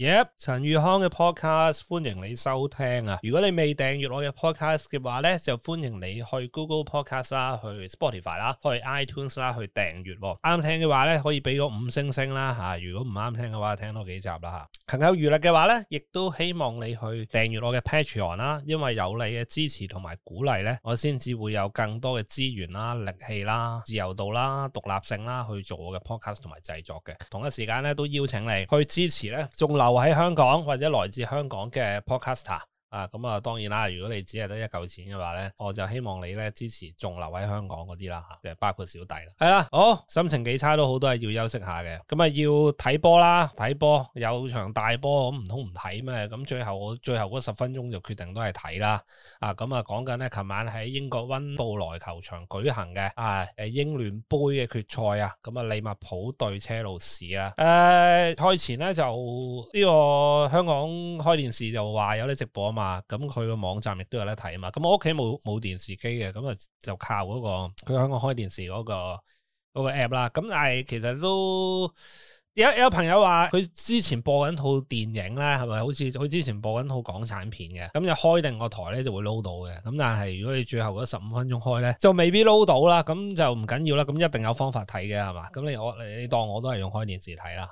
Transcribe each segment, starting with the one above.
Yep，陳宇康嘅 podcast，歡迎你收聽啊！如果你未訂閱我嘅 podcast 嘅話咧，就歡迎你去 Google Podcast 啦，去 Spotify 啦，去 iTunes 啦，去訂閱。啱聽嘅話咧，可以俾個五星星啦吓。如果唔啱聽嘅話，聽多幾集啦吓。行有餘力嘅話咧，亦都希望你去訂閱我嘅 Patreon 啦，因為有你嘅支持同埋鼓勵咧，我先至會有更多嘅資源啦、力氣啦、自由度啦、獨立性啦，去做我嘅 podcast 同埋製作嘅。同一時間咧，都邀請你去支持咧中立。留喺香港或者來自香港嘅 Podcaster。啊，咁、嗯、啊，當然啦，如果你只係得一嚿錢嘅話咧，我就希望你咧支持仲留喺香港嗰啲啦，吓、啊，即係包括小弟啦。係啦，好，心情幾差都好，都係要休息下嘅。咁、嗯、啊，要睇波啦，睇波有場大波，咁唔通唔睇咩？咁、嗯、最後我最後嗰十分鐘就決定都係睇啦。啊，咁、嗯、啊，講緊咧，琴晚喺英國溫布萊球場舉行嘅啊，誒，英聯杯嘅決賽啊，咁啊，利物浦對車路士啊。誒、啊，賽前咧就呢、這個香港開電視就話有啲直播咁佢個網站亦都有得睇啊嘛。咁我屋企冇冇電視機嘅，咁啊就靠嗰、嗰個佢香港開電視嗰、嗰個、嗰個 app 啦。咁但係其實都有有朋友話佢之前播緊套電影咧，係咪好似佢之前播緊套港產片嘅？咁就開定個台咧就會撈到嘅。咁但係如果你最後嗰十五分鐘開咧，就未必撈到啦。咁就唔緊要啦。咁一定有方法睇嘅係嘛？咁你我你當我都係用開電視睇啦。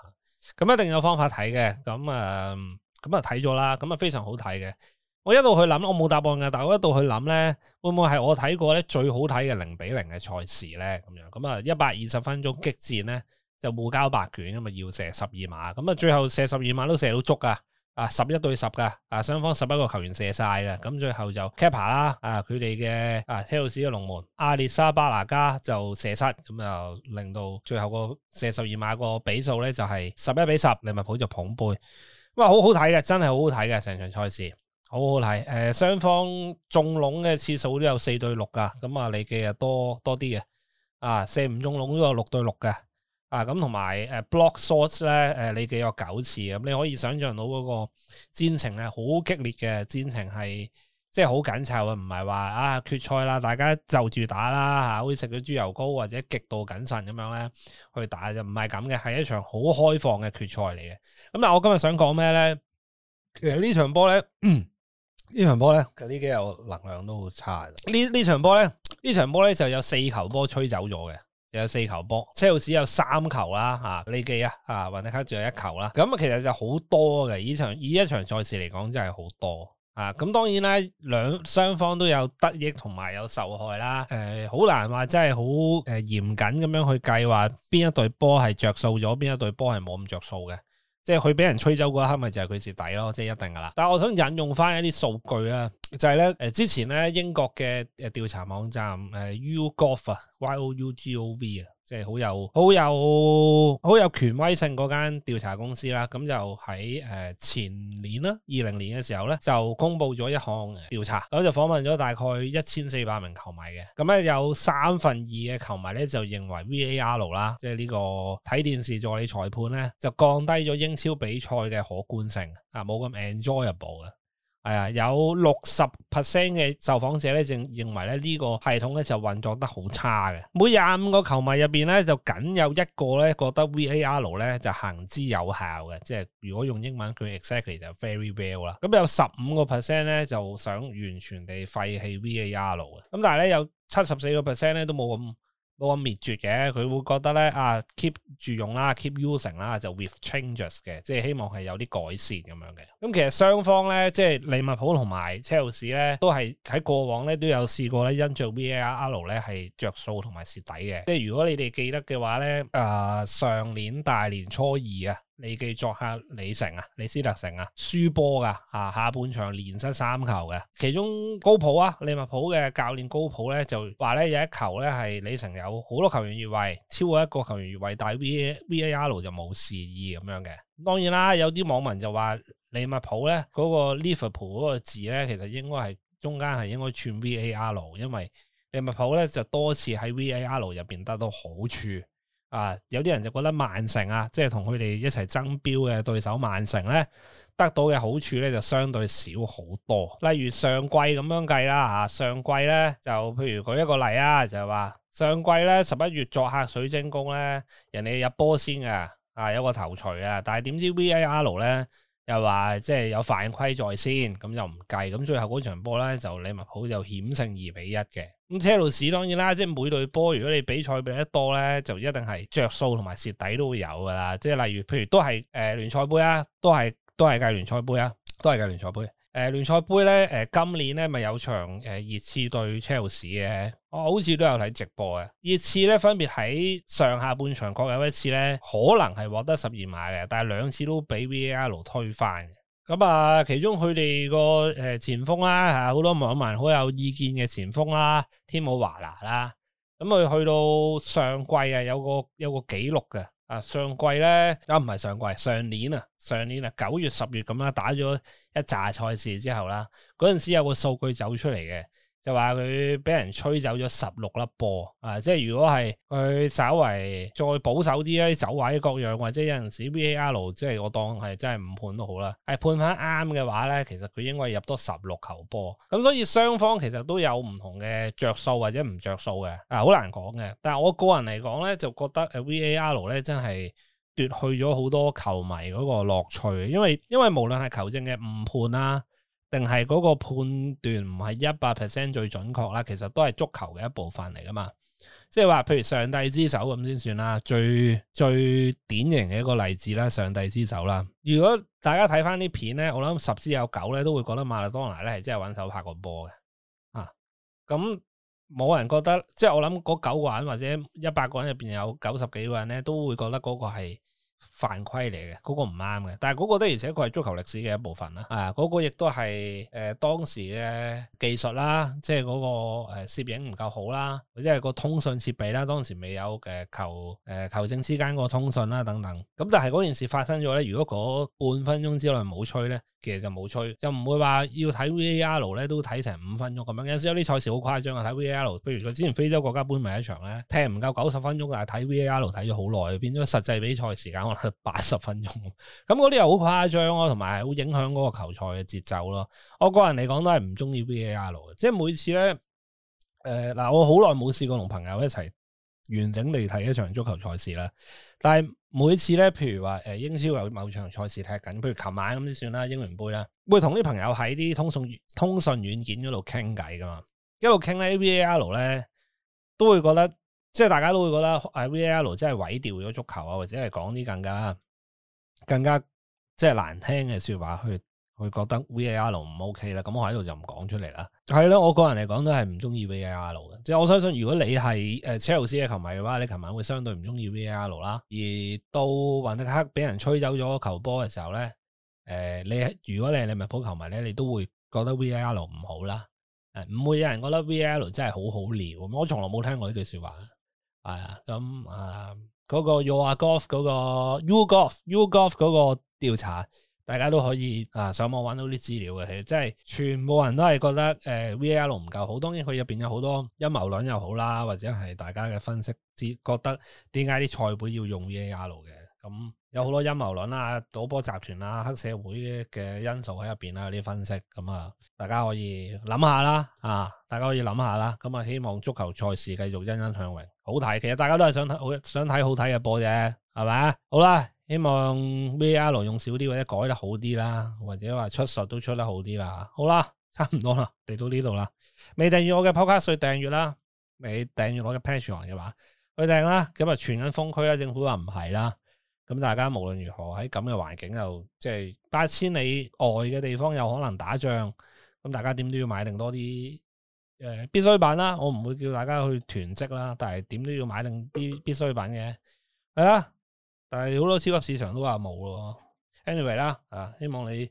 咁一定有方法睇嘅。咁啊咁啊睇咗啦。咁啊非常好睇嘅。我一路去諗，我冇答案嘅。但係我一路去諗咧，會唔會係我睇過咧最好睇嘅零比零嘅賽事咧？咁樣咁啊，一百二十分鐘激戰咧，就互交白卷啊嘛，要射十二碼，咁啊最後射十二碼都射到足噶，啊十一對十噶，啊雙方十一個球員射晒噶，咁最後就 keeper 啦，啊佢哋嘅啊車路士嘅龍門阿列沙巴拿加就射失，咁就令到最後個射十二碼個比數咧就係十一比十，利物浦就捧杯。啊，好好睇嘅，真係好好睇嘅成場賽事。好好睇，誒，雙方中籠嘅次數都有四對六噶，咁啊，你嘅又多多啲嘅，啊，四五中籠都有六對六嘅，啊，咁同埋誒 block shots 咧，誒，你嘅有九次，咁你可以想象到嗰個戰情係好激烈嘅，戰情係即係好緊湊啊，唔係話啊決賽啦，大家就住打啦吓，好似食咗豬油膏或者極度謹慎咁樣咧去打，就唔係咁嘅，係一場好開放嘅決賽嚟嘅。咁但我今日想講咩咧？其實場呢場波咧。 場呢場波咧，呢幾日能量都好差。呢場呢場波咧，呢場波咧就有四球波吹走咗嘅，有四球波，車路士有三球啦，吓，利記啊，吓，雲、啊、迪克只有一球啦。咁啊，其實就好多嘅，以場以一場賽事嚟講，真係好多啊。咁當然啦，兩雙方都有得益同埋有受害啦。誒、呃，好難話真係好誒嚴謹咁樣去計話邊一隊波係着數咗，邊一隊波係冇咁着數嘅。即係佢俾人吹走嗰一刻，咪就係佢蝕底咯，即係一定㗎啦。但係我想引用翻一啲數據啦，就係咧誒之前咧英國嘅調查網站誒、呃、YouGov 啊，Y O U G O V 啊。即係好有好有好有權威性嗰間調查公司啦，咁就喺誒前年啦，二零年嘅時候咧就公布咗一項調查，咁就訪問咗大概一千四百名球迷嘅，咁咧有三分二嘅球迷咧就認為 VAR 啦，即係呢個睇電視助理裁判咧就降低咗英超比賽嘅可觀性啊，冇咁 enjoyable 嘅。係啊，有六十 percent 嘅受訪者咧，正認為咧呢個系統咧就運作得好差嘅。每廿五個球迷入邊咧，就僅有一個咧覺得 VAR 咧就行之有效嘅，即係如果用英文佢 exactly 就 very well 啦。咁有十五個 percent 咧就想完全地廢棄 VAR 嘅。咁但係咧有七十四個 percent 咧都冇咁。冇咁滅絕嘅，佢會覺得咧啊，keep 住用啦，keep using 啦，就 with changes 嘅，即係希望係有啲改善咁樣嘅。咁其實雙方咧，即係利物浦同埋車路士咧，都係喺過往咧都有試過咧，因着 VAR 咧係着數同埋蝕底嘅。即係如果你哋記得嘅話咧，啊、呃、上年大年初二啊。利記作客李城啊，李斯特城啊，輸波噶吓，下半場連失三球嘅，其中高普啊，利物浦嘅教練高普咧就話咧有一球咧係李城有好多球員越位，超過一個球員越位，但係 V A R 就冇示意咁樣嘅。當然啦，有啲網民就話利物浦咧嗰個 Liverpool 嗰個字咧，其實應該係中間係應該串 V A R，因為利物浦咧就多次喺 V A R 入邊得到好處。啊，有啲人就覺得曼城啊，即係同佢哋一齊爭標嘅對手曼城咧，得到嘅好處咧就相對少好多。例如上季咁樣計啦，啊，啊上季咧就譬如舉一個例啊，就係話上季咧十一月作客水晶宮咧，人哋入波先嘅，啊有個頭錘啊，但係點知 VAR 咧？又話即係有犯規在先，咁又唔計。咁最後嗰場波咧，就利物浦就險勝二比一嘅。咁車路士當然啦，即係每隊波，如果你比賽比得多咧，就一定係着數同埋蝕底都會有噶啦。即係例如，譬如都係誒、呃、聯賽杯啊，都係都係計聯賽杯啊，都係計聯賽杯。誒、呃、聯賽杯咧，誒、呃、今年咧咪有場誒、呃、熱刺對 Chelsea 嘅，我、哦、好似都有睇直播嘅。熱刺咧分別喺上下半場各有一次咧，可能係獲得十二碼嘅，但係兩次都俾 VAR 推翻嘅。咁、嗯、啊，其中佢哋個誒前鋒啦、啊，係好多網民好有意見嘅前鋒啦、啊，天武華拿啦、啊，咁、嗯、佢去到上季啊有個有個紀錄嘅。啊，上季呢？啊，唔係上季，上年啊，上年啊九月十月咁啦，打咗一紮賽事之後啦，嗰陣時有個數據走出嚟嘅。就話佢俾人吹走咗十六粒波啊！即係如果係佢稍為再保守啲咧，走位各樣或者有陣時 VAR 即係我當係真係誤判都好啦。係、啊、判翻啱嘅話咧，其實佢應該入多十六球波。咁所以雙方其實都有唔同嘅着數或者唔着數嘅啊，好難講嘅。但係我個人嚟講咧，就覺得誒 VAR 咧真係奪去咗好多球迷嗰個樂趣，因為因為無論係球證嘅誤判啦、啊。定係嗰個判斷唔係一百 percent 最準確啦，其實都係足球嘅一部分嚟噶嘛。即係話，譬如上帝之手咁先算啦，最最典型嘅一個例子啦，上帝之手啦。如果大家睇翻啲片咧，我諗十之有九咧都會覺得馬拉多拿咧係即係揾手拍個波嘅啊。咁、嗯、冇人覺得，即係我諗嗰九個人或者一百個人入邊有九十幾個人咧都會覺得嗰個係犯規嚟嘅，嗰個唔啱嘅。但係嗰個的而且確係足球歷史嘅一部分啦。啊，嗰個亦都係誒當時嘅技術啦，即係嗰個誒攝影唔夠好啦，或者係個通訊設備啦，當時未有嘅球誒、呃、球證之間個通訊啦等等。咁但係嗰件事發生咗咧。如果嗰半分鐘之內冇吹咧。其實就冇吹，又唔會話要睇 VAR 咧，都睇成五分鐘咁樣。有陣時有啲賽事好誇張啊，睇 VAR，譬如我之前非洲國家盃咪一場咧，踢唔夠九十分鐘，但係睇 VAR 睇咗好耐，變咗實際比賽時間可能八十分鐘。咁嗰啲又好誇張咯，同埋好影響嗰個球賽嘅節奏咯。我個人嚟講都係唔中意 VAR 嘅，即係每次咧，誒、呃、嗱，我好耐冇試過同朋友一齊完整地睇一場足球賽事啦，但係。每次咧，譬如話誒，英超有某場賽事踢緊，譬如琴晚咁就算啦，英聯杯啦，會同啲朋友喺啲通訊通訊軟件嗰度傾偈噶嘛，一路傾咧，VAR 咧都會覺得，即係大家都會覺得，誒，VAR 真係毀掉咗足球啊，或者係講啲更加更加即係難聽嘅說話去。我覺得 VAR 唔 OK 啦，咁我喺度就唔講出嚟啦。係咯，我個人嚟講都係唔中意 VAR 嘅。即係我相信如、呃相球球呃，如果你係誒車路士嘅球迷嘅話，你琴晚會相對唔中意 VAR 啦。而到雲迪克俾人吹走咗球波嘅時候咧，誒，你如果你係利物浦球迷咧，你都會覺得 VAR 唔好啦。誒、呃，唔會有人覺得 VAR 真係好好料。我從來冇聽過呢句說話。係啊，咁啊，嗰、嗰個、y、U 啊 Golf、嗰個 U Golf U Golf 嗰個調查。大家都可以啊，上網揾到啲資料嘅，其實即係全部人都係覺得誒、呃、VAR 唔夠好。當然佢入邊有好多陰謀論又好啦，或者係大家嘅分析，知覺得點解啲賽會要用 VAR 嘅？咁、嗯、有好多陰謀論啊、賭波集團啊、黑社會嘅因素喺入邊啦，有啲分析。咁、嗯、啊，大家可以諗下啦，啊，大家可以諗下啦。咁、嗯、啊，希望足球賽事繼續欣欣向榮，好睇。其實大家都係想睇好，想睇好睇嘅波啫，係咪？好啦。希望 VAR 用少啲或者改得好啲啦，或者話出索都出得好啲啦。好啦，差唔多啦，嚟到呢度啦。未訂閱我嘅 Podcast 訂閱啦，未訂閱我嘅 Patreon 嘅話去訂啦。咁啊，傳緊封區啦，政府話唔係啦。咁大家無論如何喺咁嘅環境，又即係八千里外嘅地方，又可能打仗，咁大家點都要買定多啲誒、呃，必需品啦。我唔會叫大家去囤積啦，但係點都要買定啲必需品嘅係啦。但係好多超級市場都話冇咯，anyway 啦，啊希望你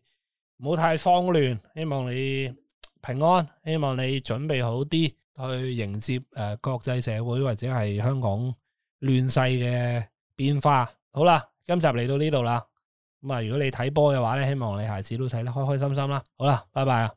唔好太慌亂，希望你平安，希望你準備好啲去迎接誒、呃、國際社會或者係香港亂世嘅變化。好啦，今集嚟到呢度啦，咁啊如果你睇波嘅話咧，希望你下次都睇得開開心心啦。好啦，拜拜，啊。